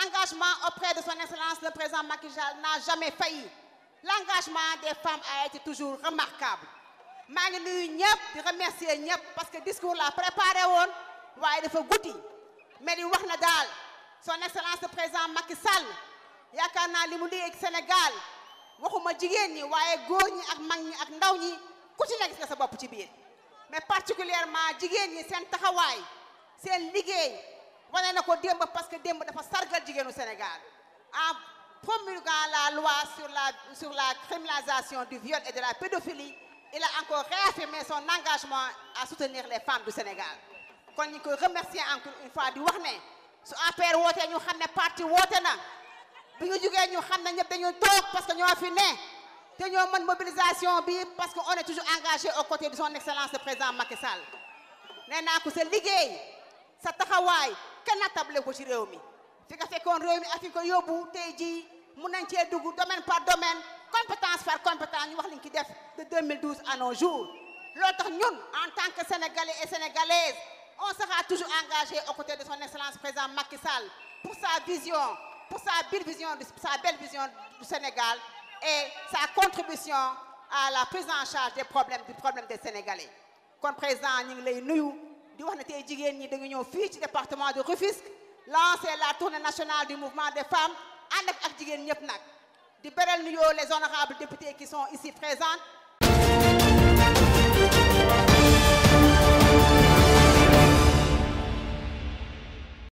L'engagement auprès de son Excellence le président Macky Sall n'a jamais failli l'engagement des femmes a été toujours remarquable maa ngi nuyu ñëpp di remercier ñëpp parce que discours la préparé woon waaye dafa guddi mais li wax na son Excellence le président Macky Sall yaakaar naa li mu liggéey Sénégal waxuma jigéen ñi waaye góor ñi ak mag ñi ak ndaw ñi ku ci gis sa ci biir mais particulièrement jigéen ñi seen taxawaay seen liggéey wane na ko démb parce que démb dafa sargal au Sénégal en promulguant la loi sur la sur la criminalisation du viol et de la pédophilie il a encore réaffirmé son engagement à soutenir les femmes du Sénégal kon ñu koy remercier encore une fois di wax né su APR woté ñu xamné parti woté na bi ñu jugé ñu xamné ne dañu tok parce que ñoo fi né té ñoo man mobilisation bi parce que on est toujours engagé aux côtés de son excellence le président Macky Sall né naa ko c'est sa taxaway kenn natable ko ci rewmi fi nga fekkoon réew mi ak fi ko yóbbu tey jii domaine par domaine compétence par compétence ñu wax liñ ki def de 2012 à nos jours Le tax ñun en tant que sénégalais et sénégalaises on sera toujours engagé aux côtés de son excellence président Macky Sall pour sa vision pour sa belle vision sa belle vision du Sénégal et sa contribution à la prise en charge des problèmes du problème des Sénégalais Comme président nous, lay nuyu di wax ne tey jigéen ñi dañu ñëw fii ci département de Rufisque lancer la tournée nationale du mouvement des femmes ànd ak ak jigéen ñëpp nag di beral les honorables députés qui sont ici présents